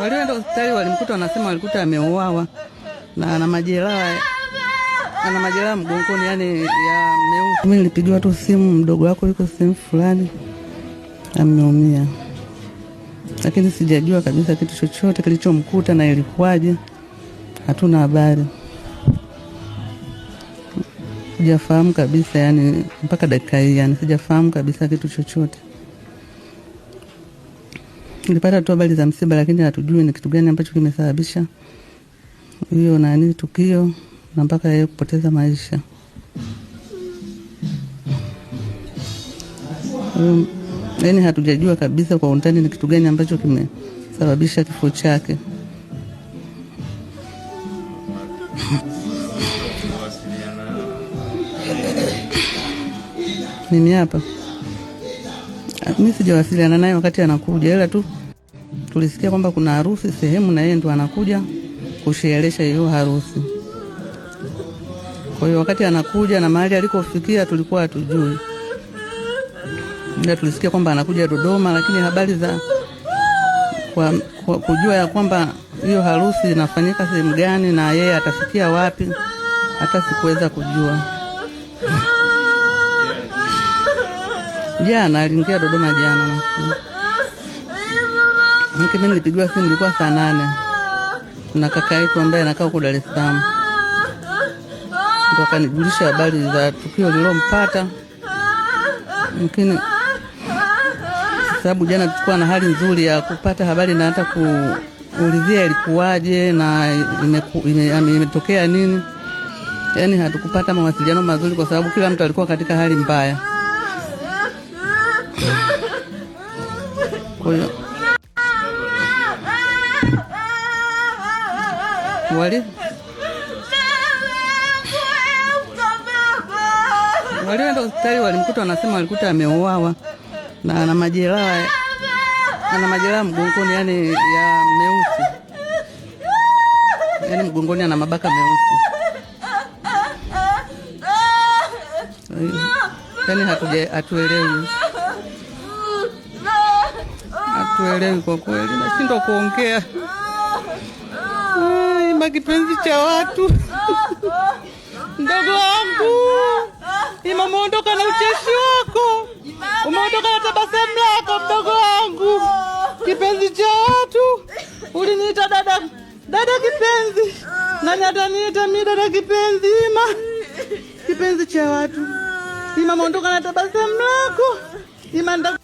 Walioenda hospitali walimkuta, wanasema walikuta ameuawa na ana majeraha ana majeraha mgongoni, yani ya meusi. Mimi nilipigiwa tu simu, mdogo wako yuko sehemu fulani ameumia, lakini sijajua kabisa kitu chochote kilichomkuta na ilikuwaje, hatuna habari, sijafahamu kabisa, yani mpaka dakika hii, yani sijafahamu kabisa kitu chochote. Nilipata tu habari za msiba, lakini hatujui ni kitu gani ambacho kimesababisha hiyo nani tukio na mpaka yeye kupoteza maisha. Um, yaani hatujajua kabisa kwa undani ni kitu gani ambacho kimesababisha kifo chake. Mimi hapa mimi sijawasiliana naye wakati anakuja, ila tu tulisikia kwamba kuna harusi sehemu, na yeye ndo anakuja kusherehesha hiyo harusi. Kwa hiyo wakati anakuja na mahali alikofikia tulikuwa hatujui, ila tulisikia kwamba anakuja Dodoma, lakini habari za kwa, kwa kujua ya kwamba hiyo harusi inafanyika sehemu gani na yeye atafikia wapi hata sikuweza kujua. Jana aliingia Dodoma jana, mke mimi nilipigiwa simu, ilikuwa saa nane na kaka yetu ambaye anakaa huko Dar es Salaam, ndo akanijulisha habari za tukio lililompata Lakini sababu jana tulikuwa na hali nzuri ya kupata habari na hata kuulizia ilikuwaje na imetokea ime, ime nini, yaani hatukupata mawasiliano mazuri kwa sababu kila mtu alikuwa katika hali mbaya. Kwa hiyo wali walienda hospitali walimkuta, wanasema walikuta ameuawa na ana majeraha ana majeraha mgongoni, yani ya meusi, yani mgongoni ana mabaka meusi. Yani hatuelewi. Hatuelewi kwa kweli, nashindwa kuongea. Ima kipenzi cha watu mdogo wangu Ima, umeondoka na ucheshi wako, umeondoka na tabasamu lako, mdogo wangu, kipenzi cha watu. Uliniita dada, dada kipenzi, nani ataniita mi dada kipenzi? Ima, kipenzi cha watu, Ima, umeondoka na tabasamu lako Ima.